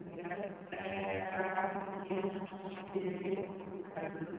Thank you.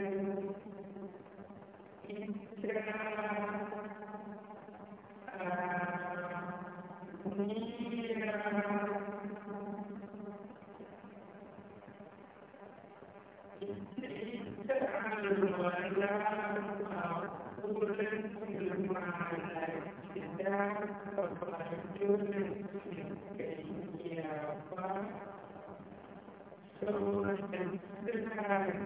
So,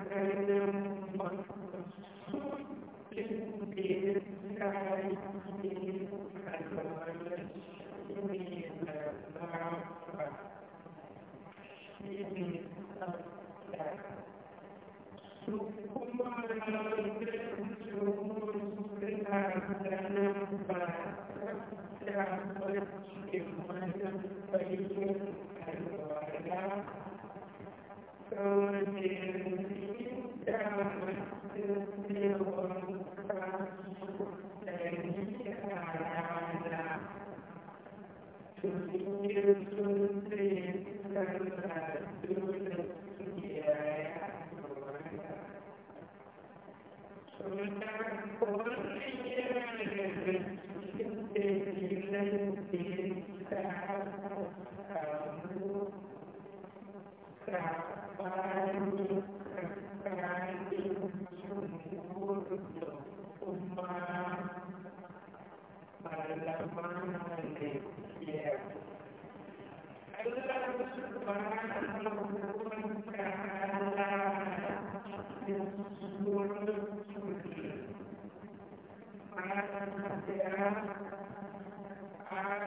Thank you.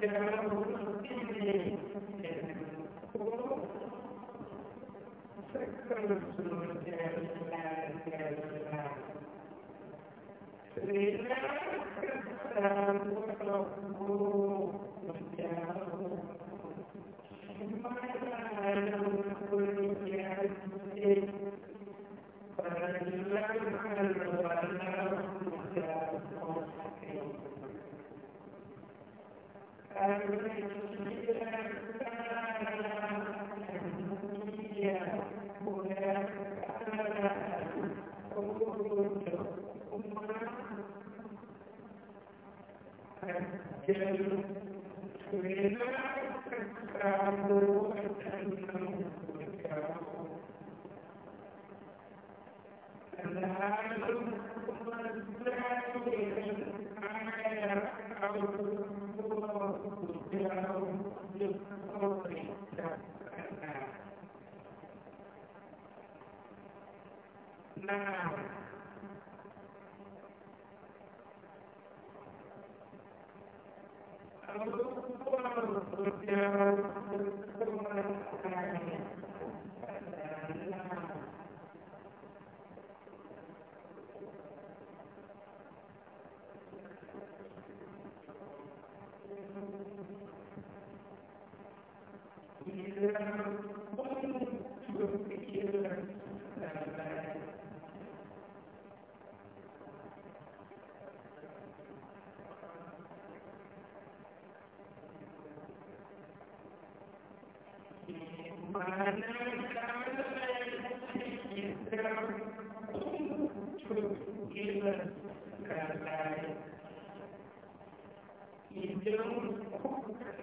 كلام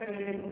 الكلمة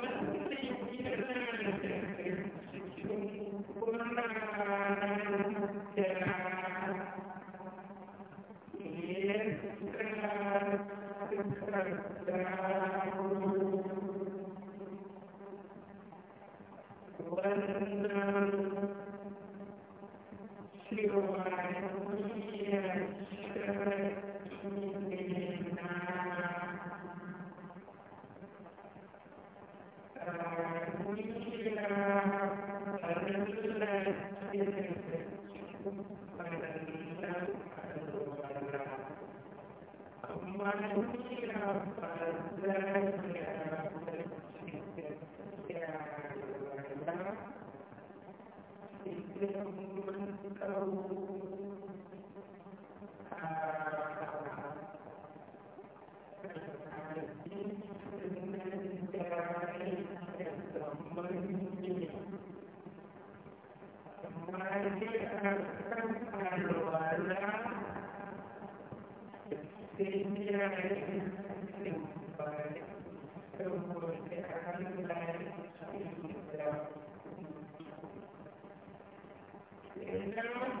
No.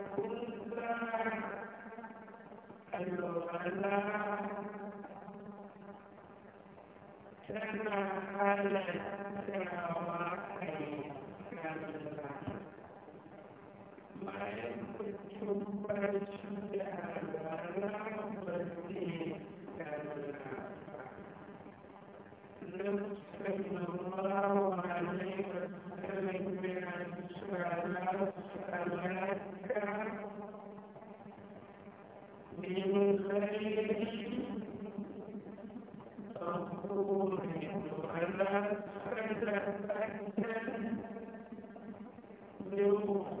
العالمين Thank you.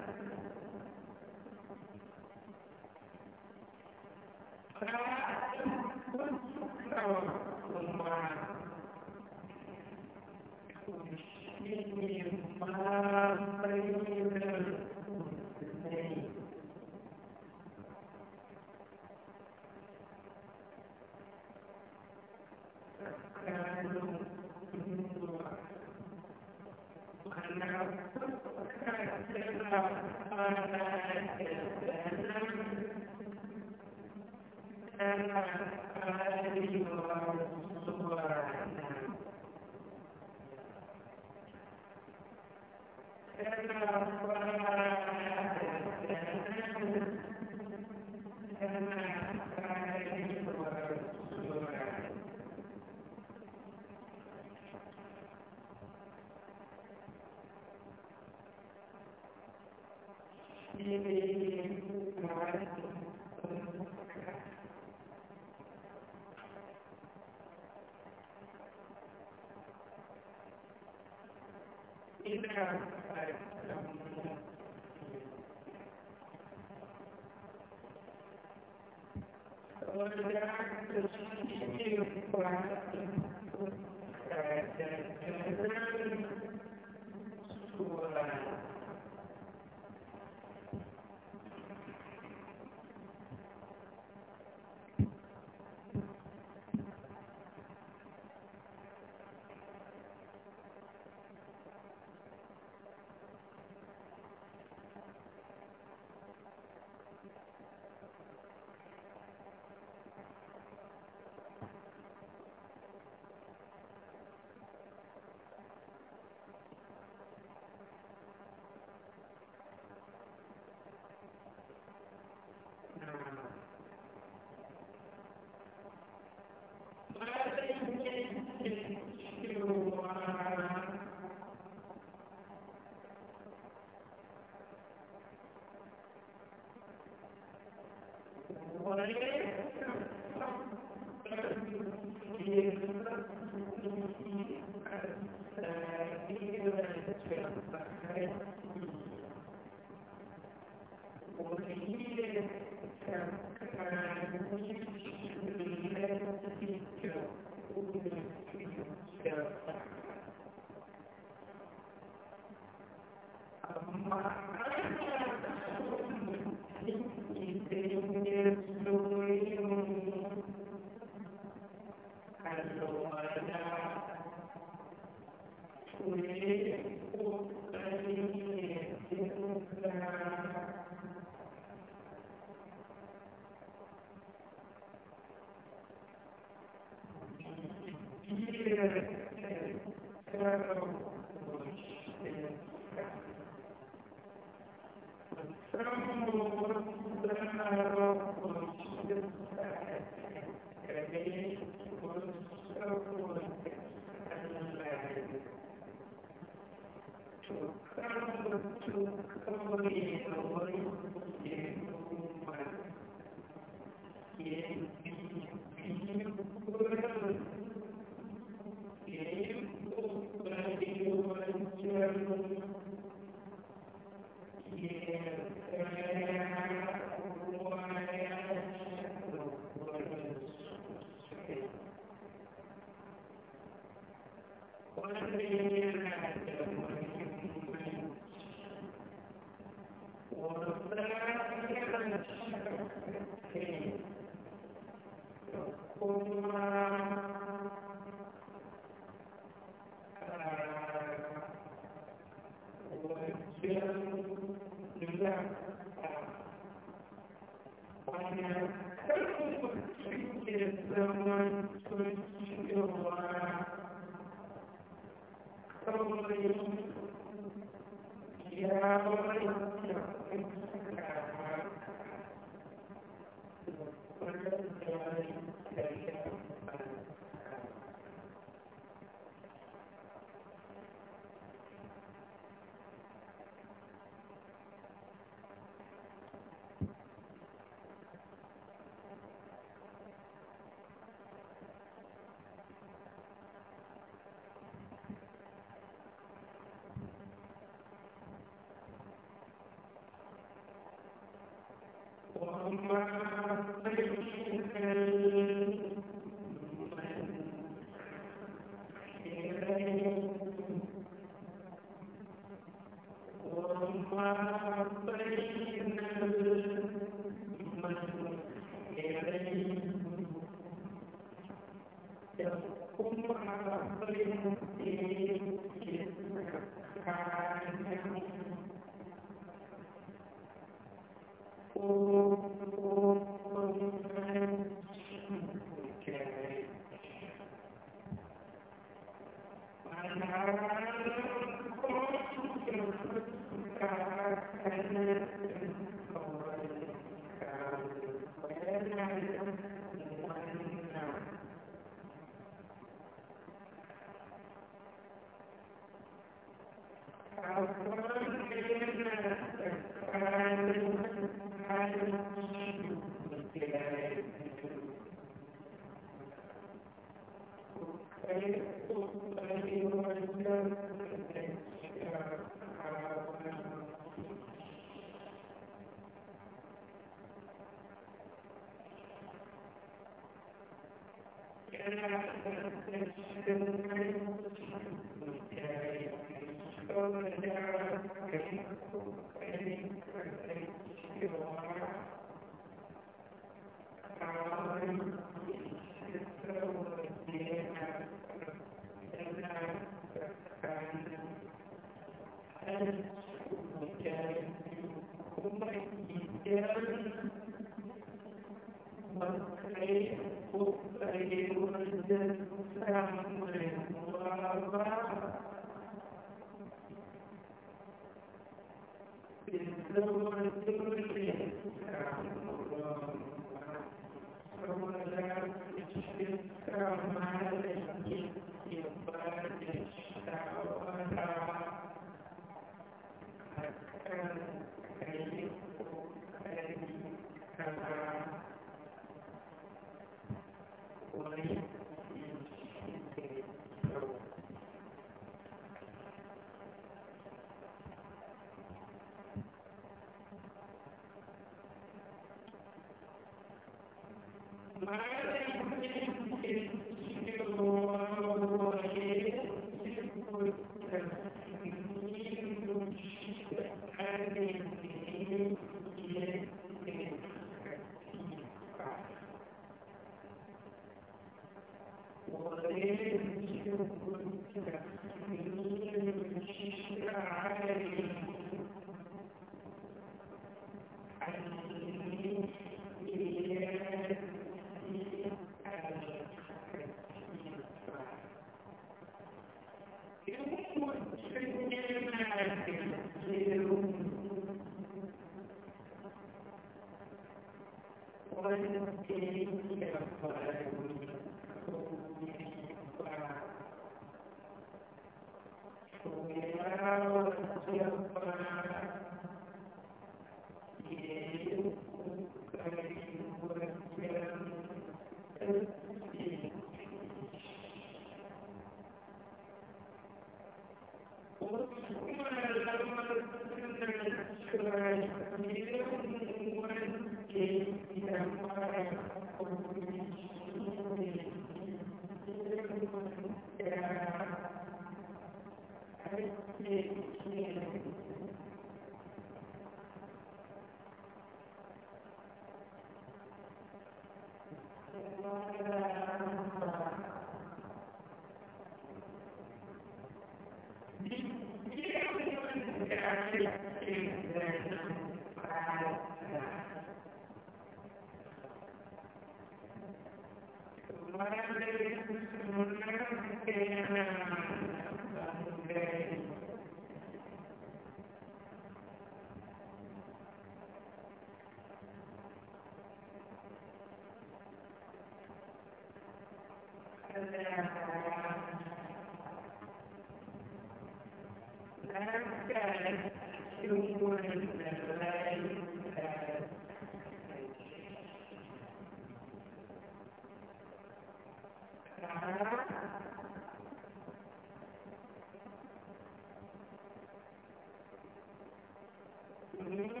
Mm-hmm.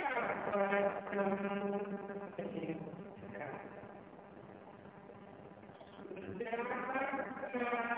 Thank you.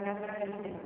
Gracias.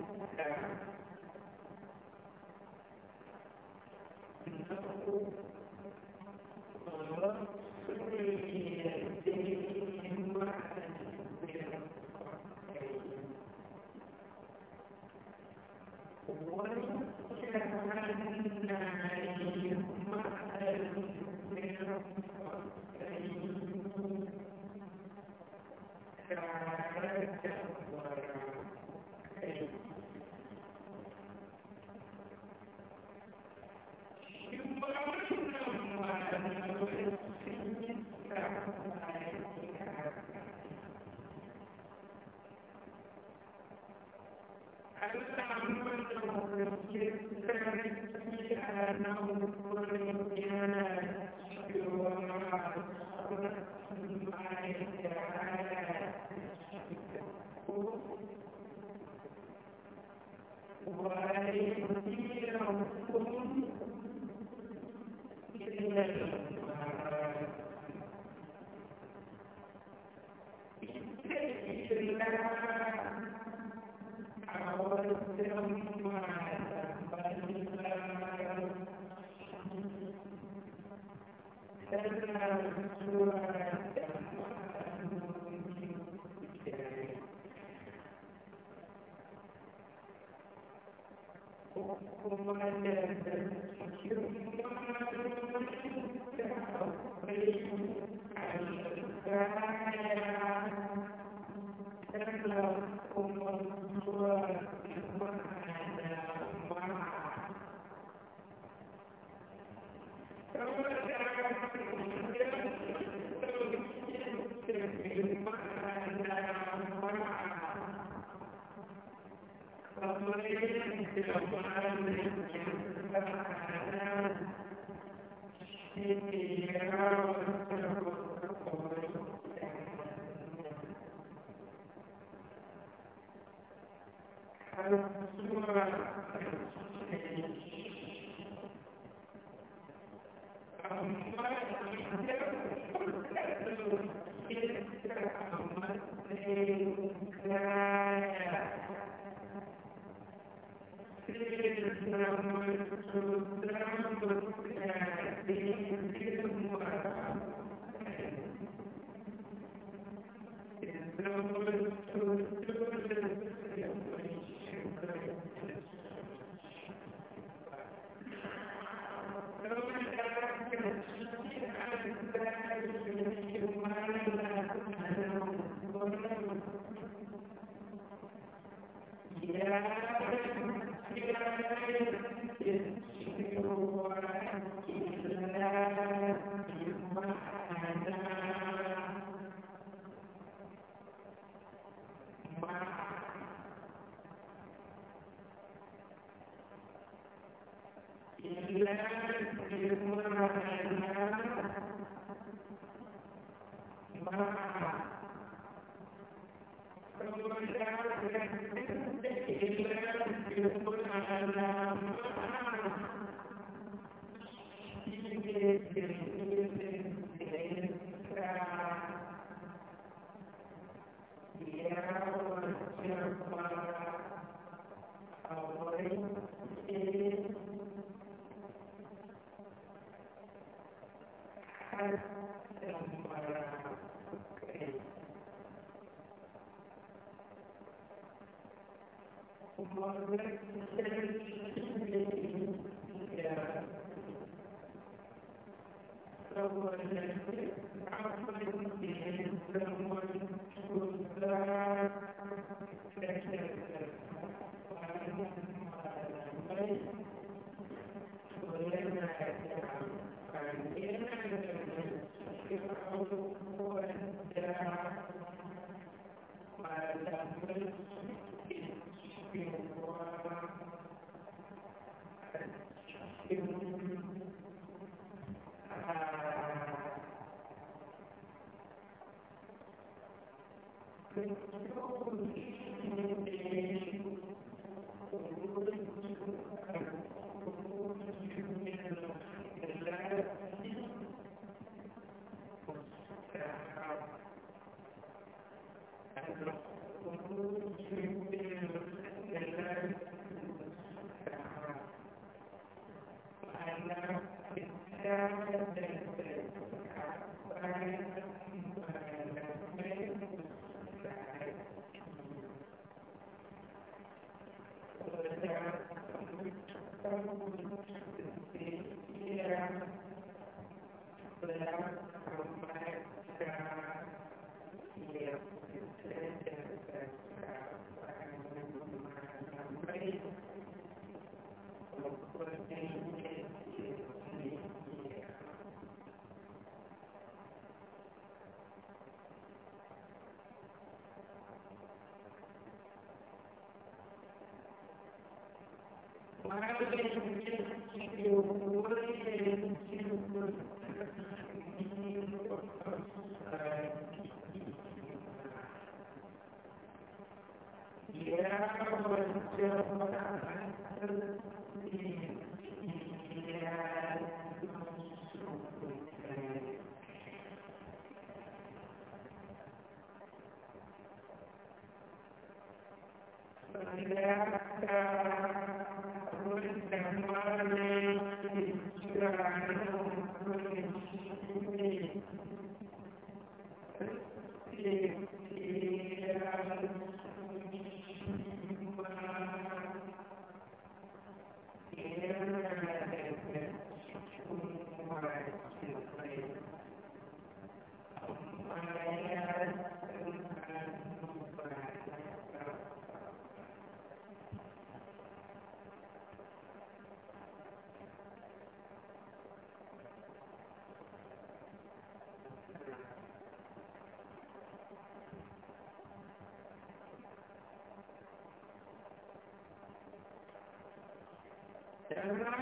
Thank you.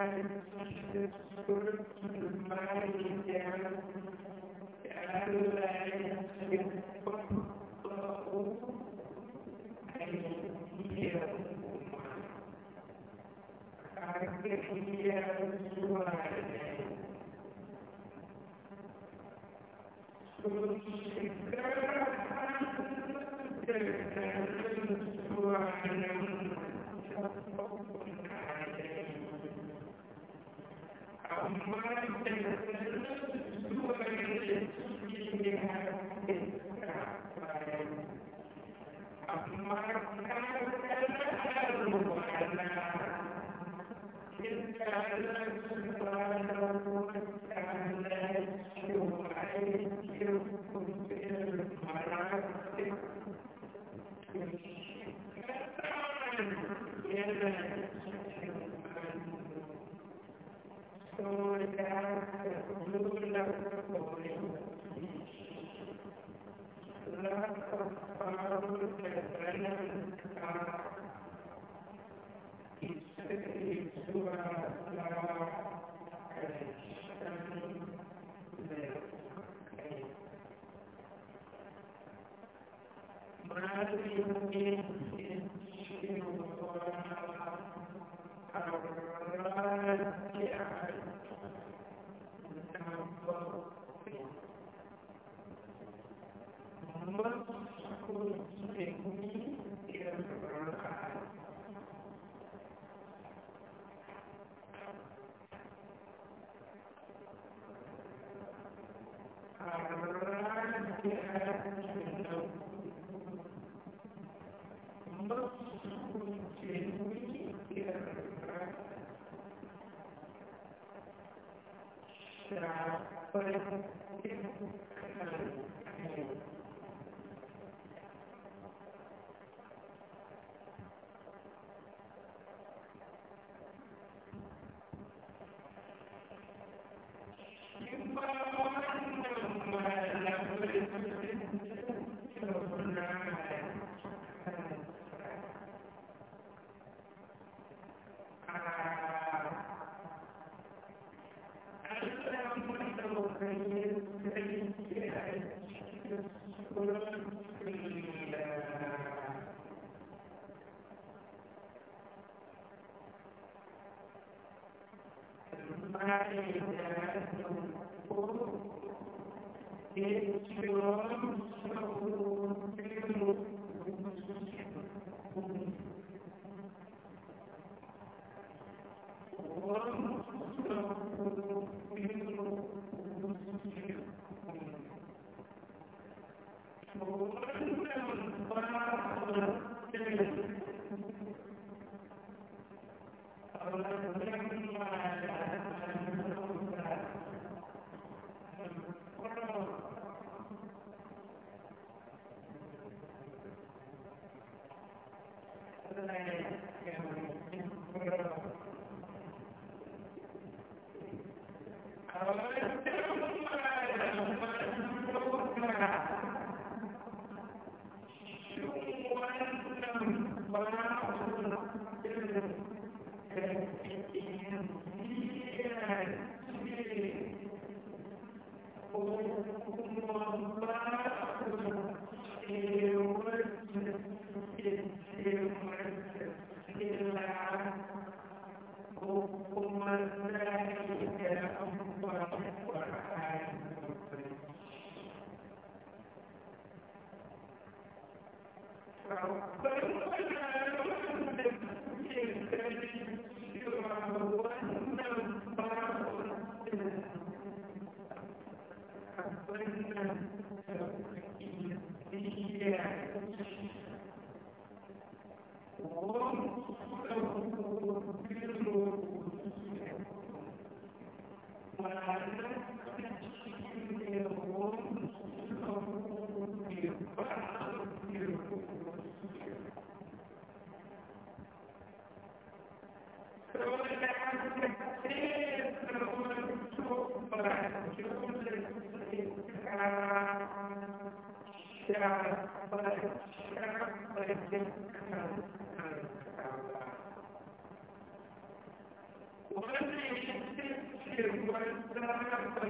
time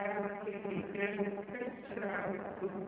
Thank you.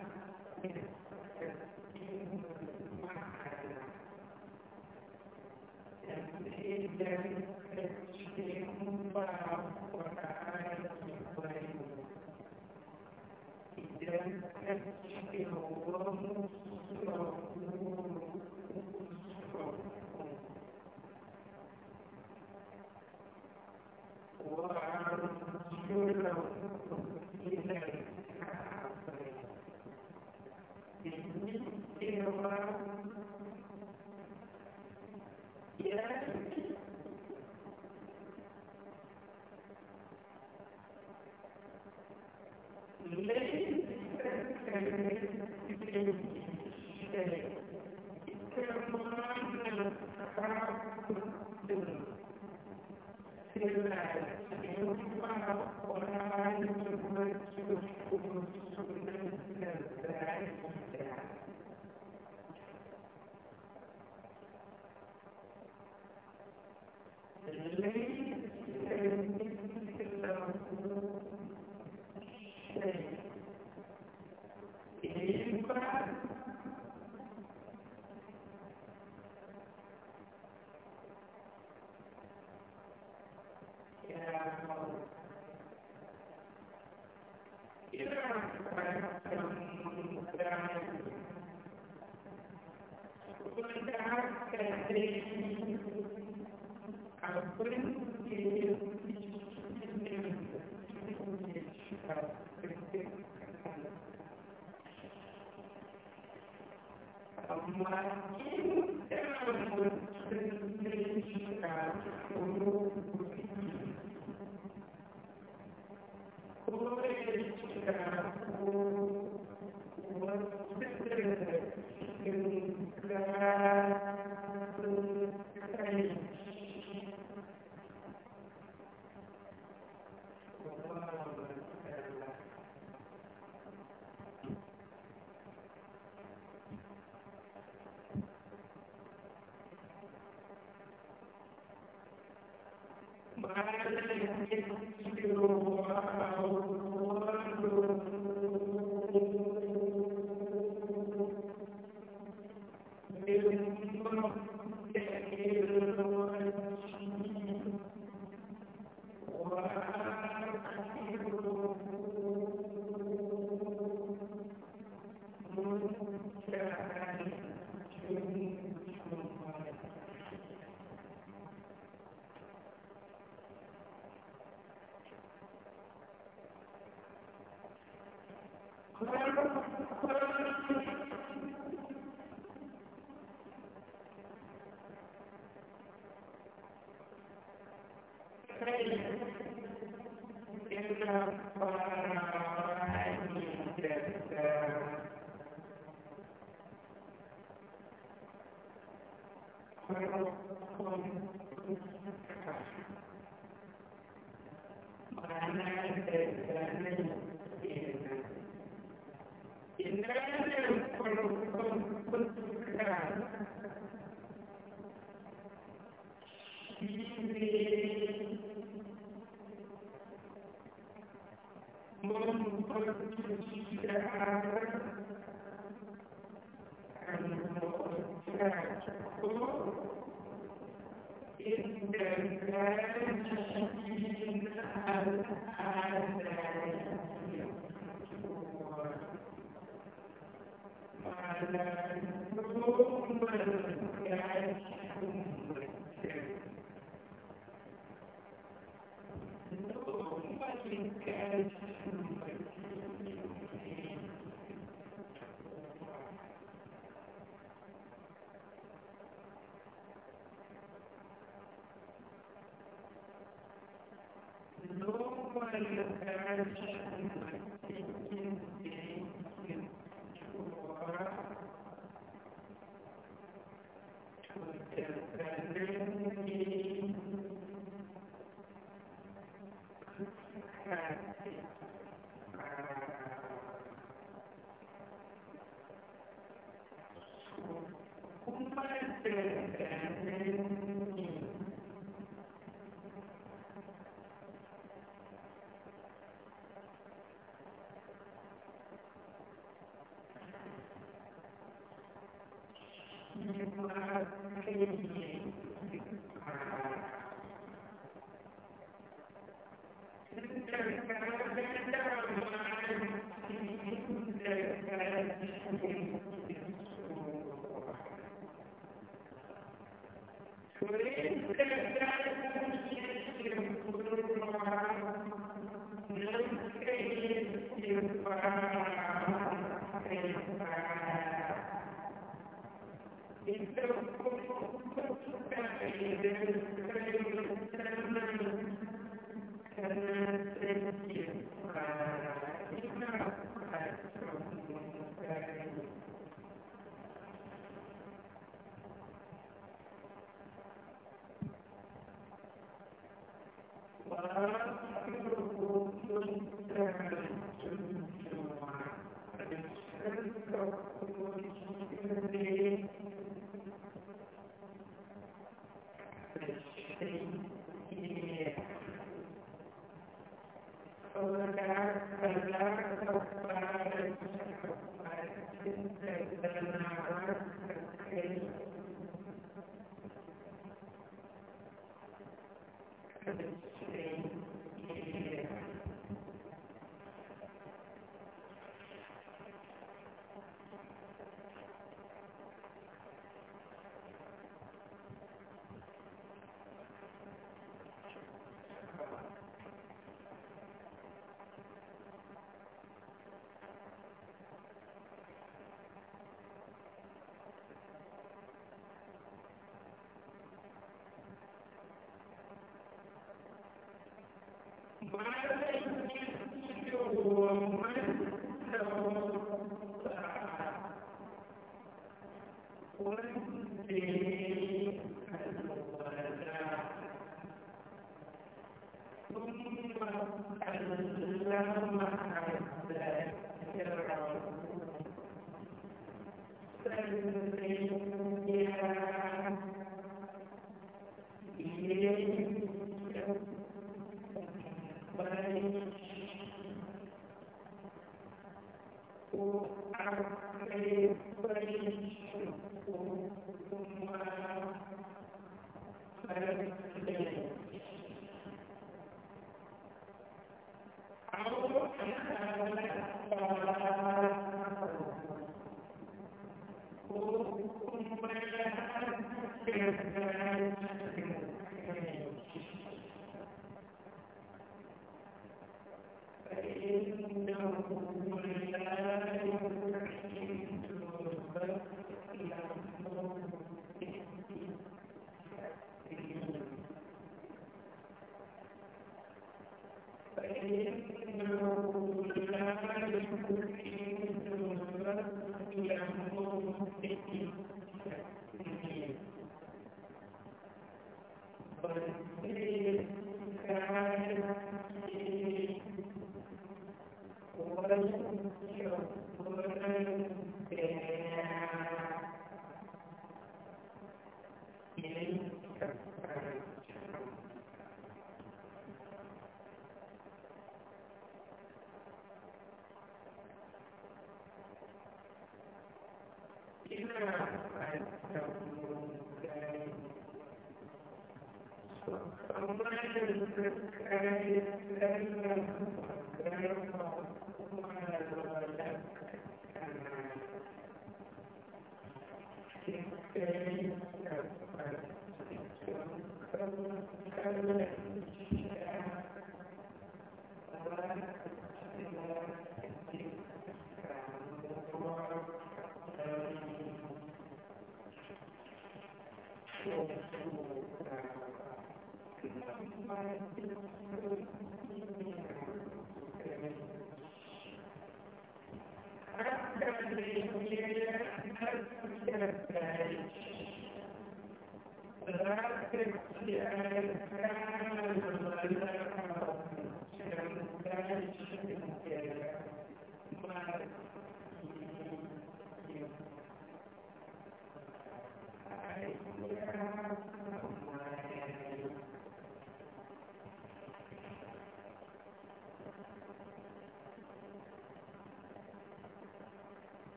Mas é impossível o amor.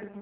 and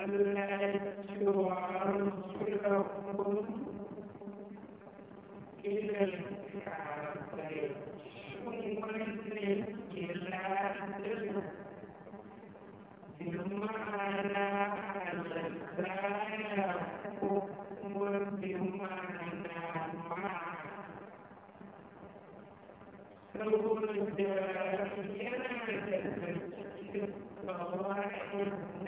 Allah The Thank you.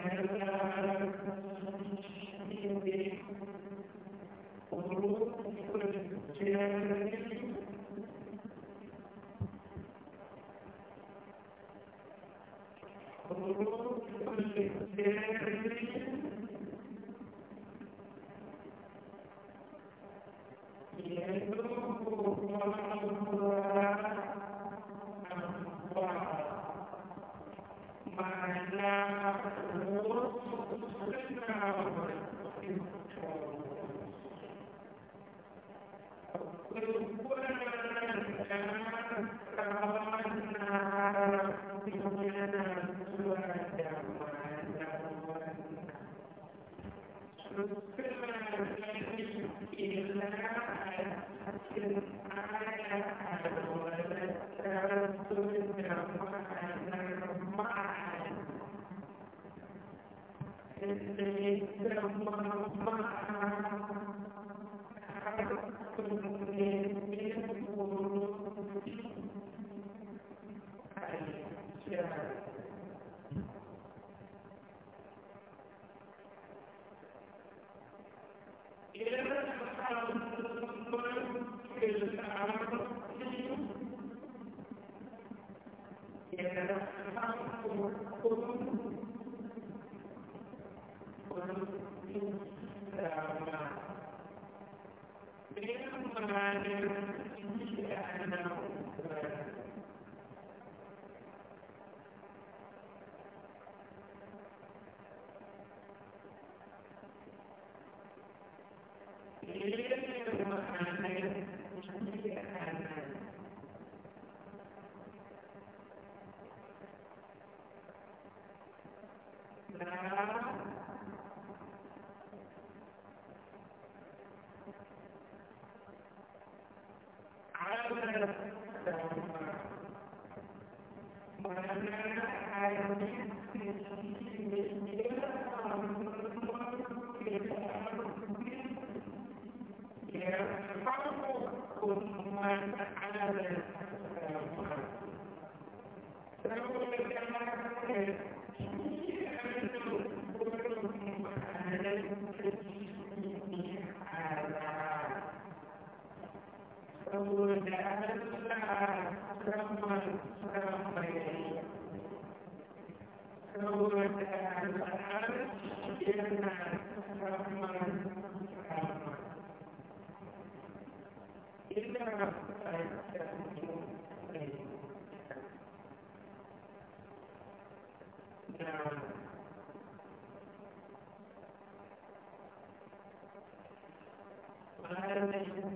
ஏன் Thank you.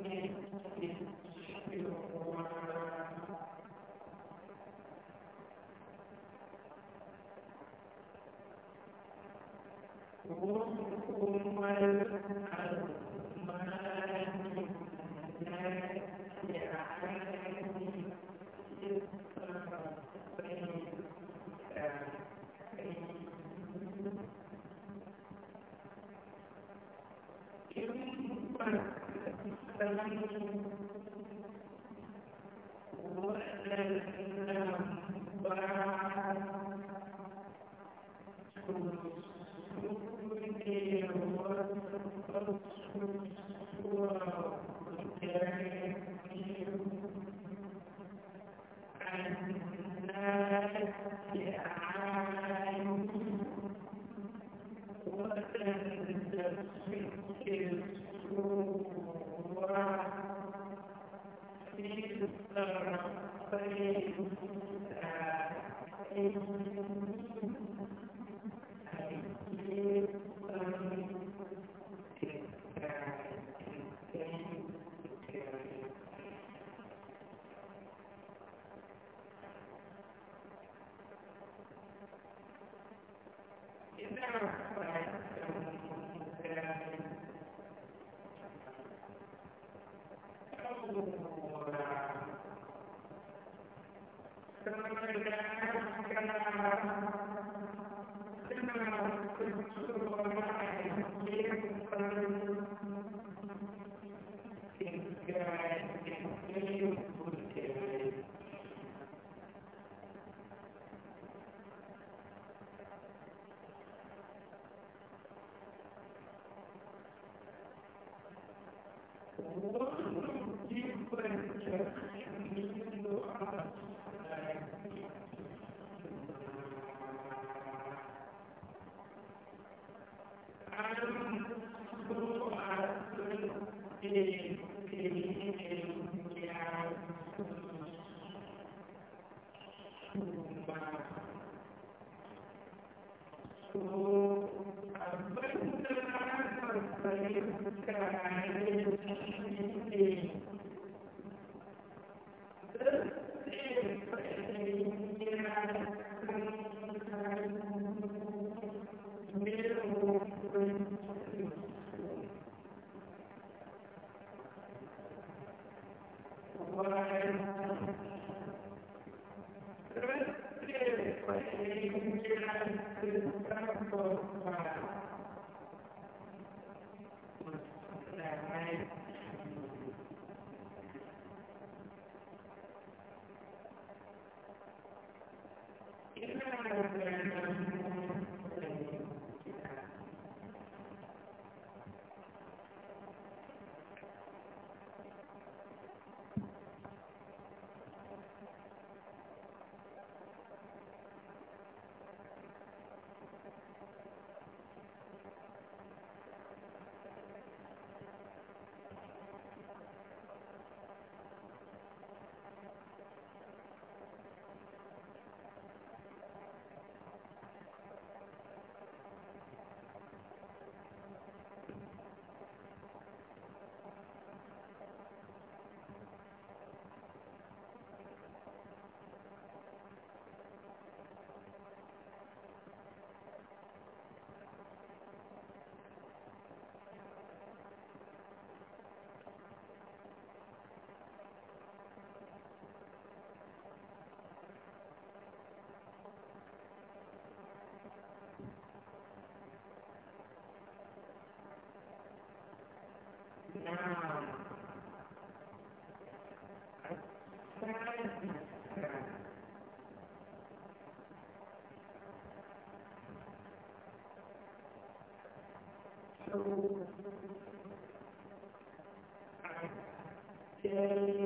Thank you.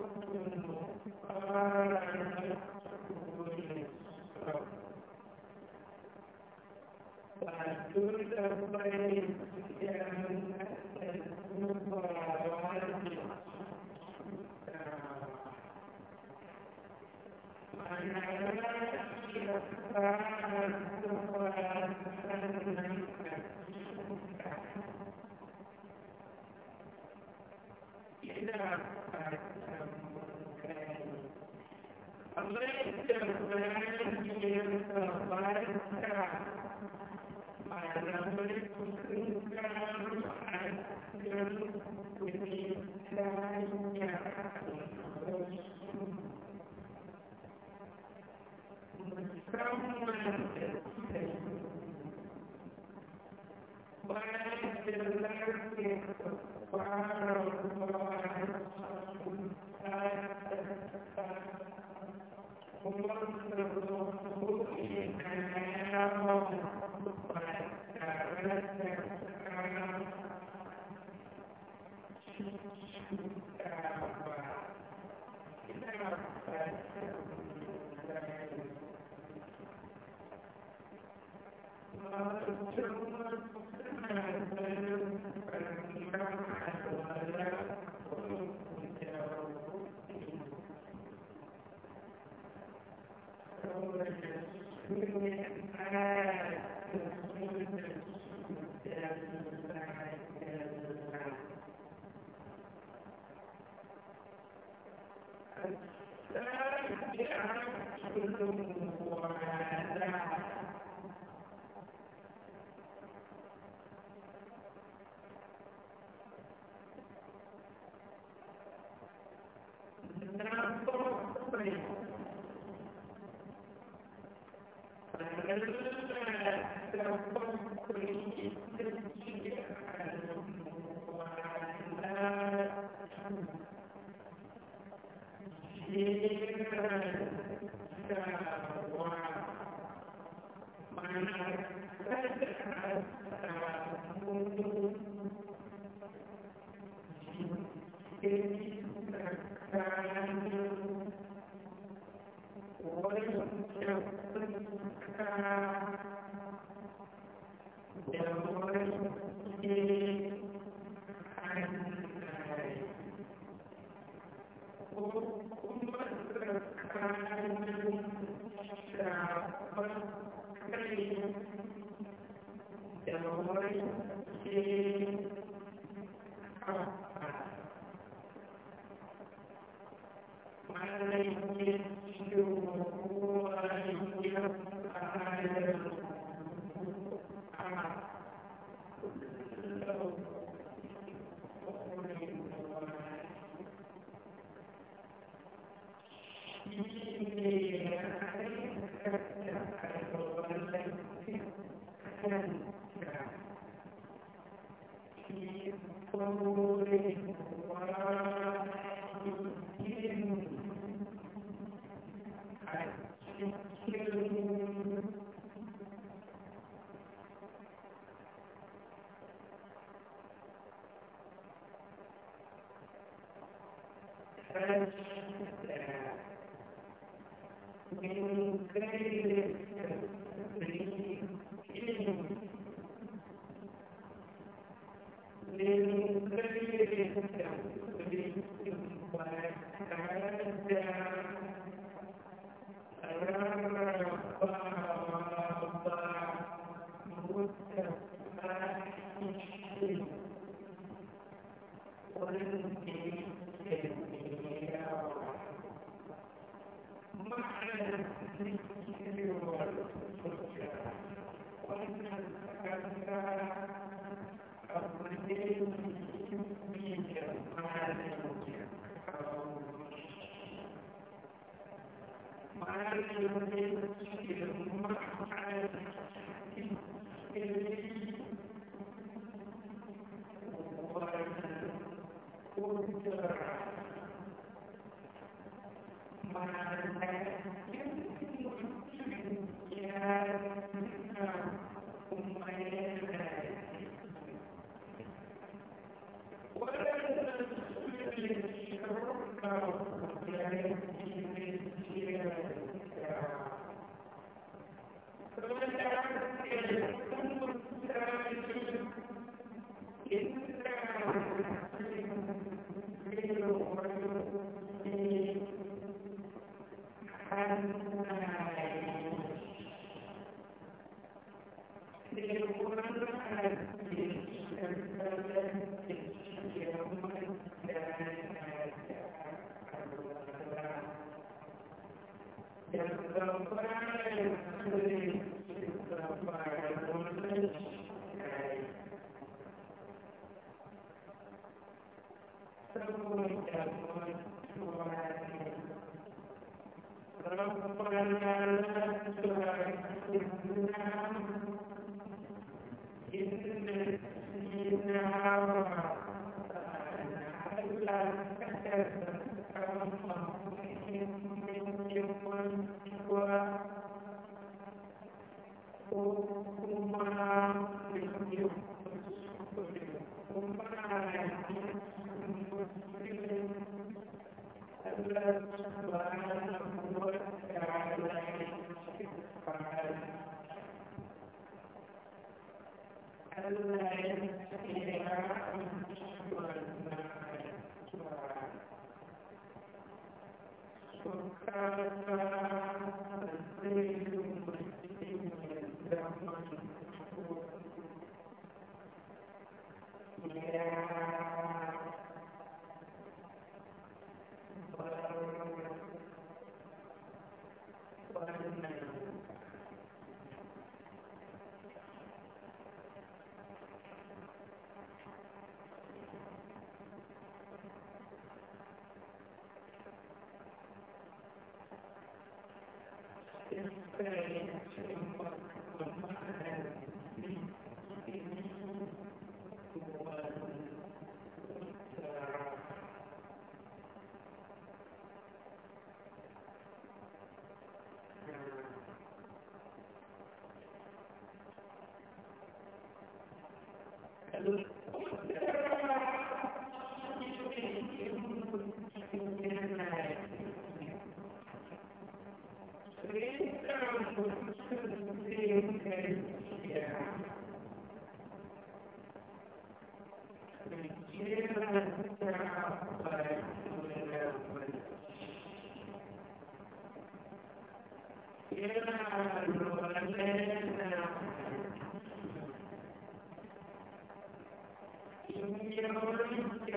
Amen. من كيد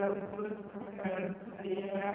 يكن سيئة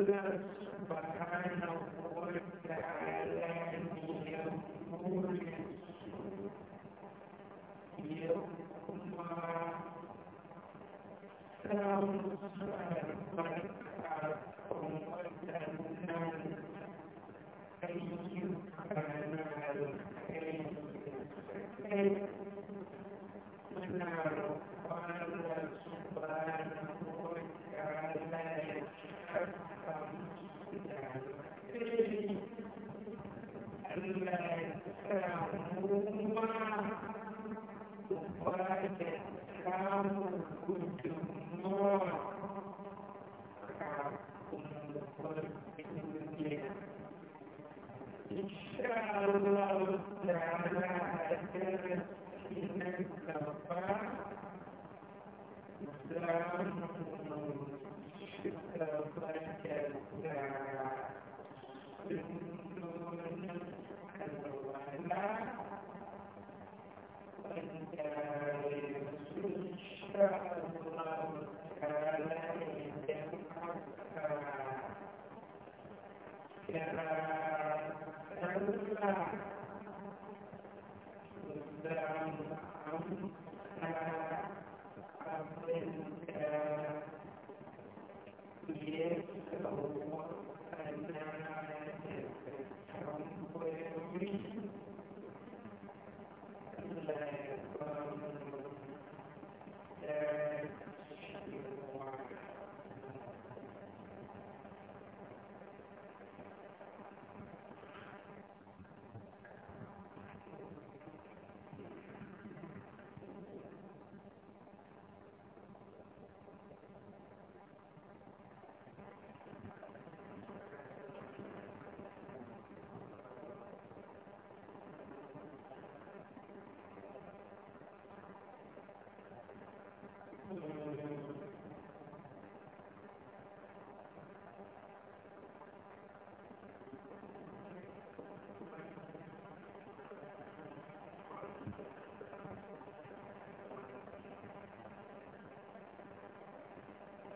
لله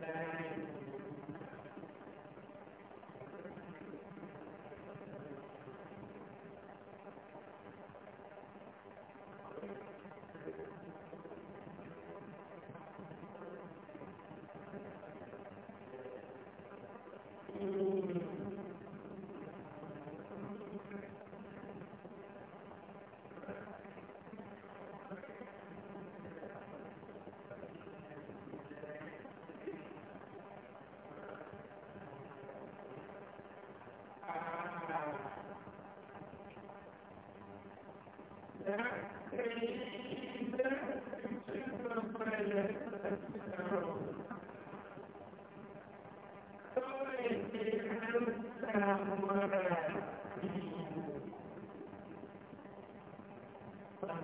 Thank you.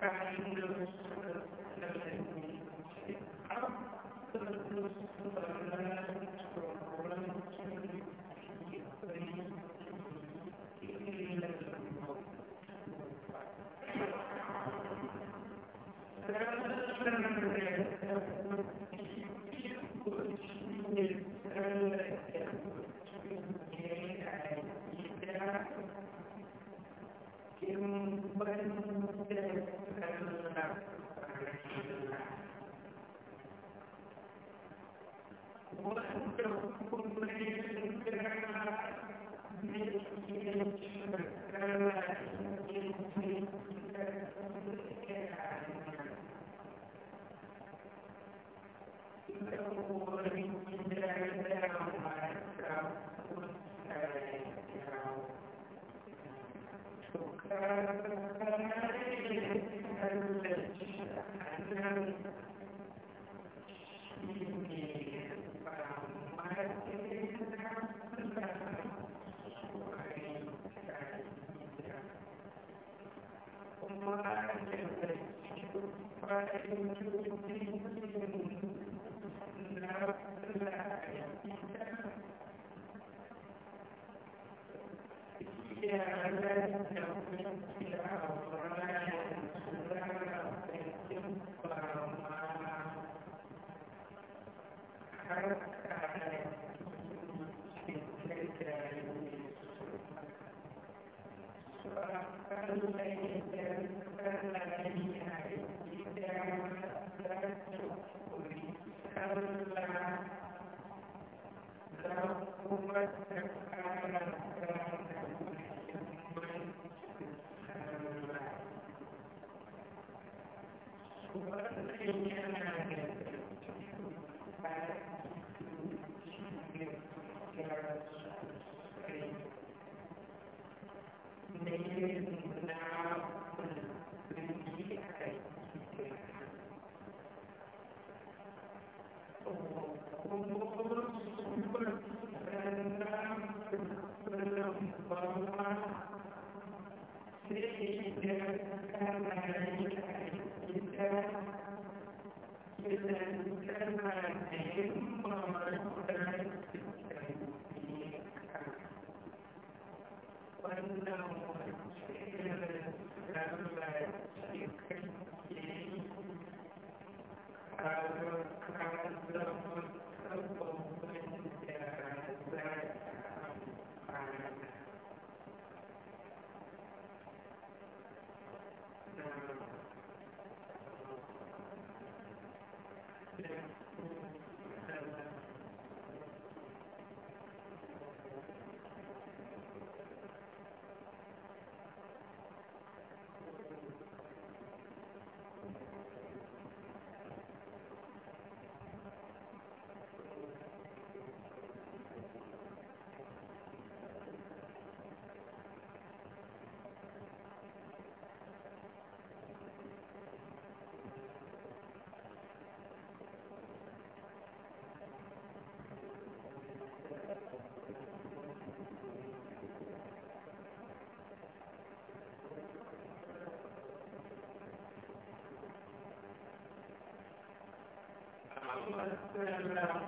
ta yêu đương السلام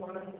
one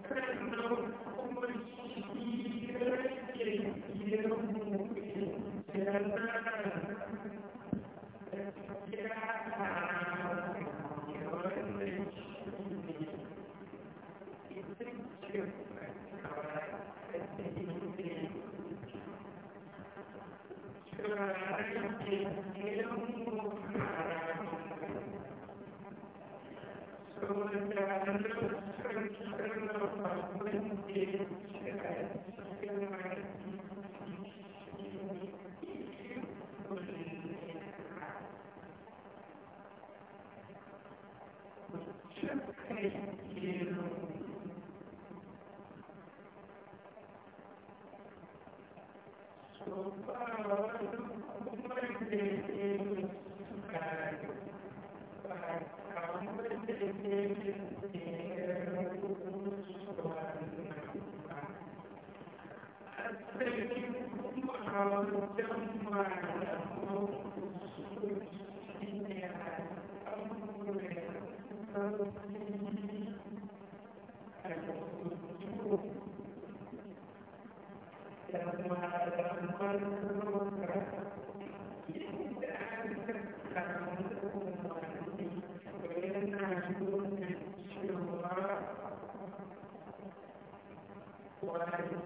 Thank you.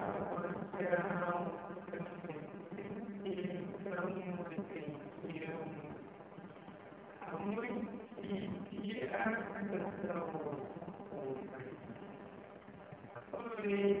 me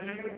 Amen.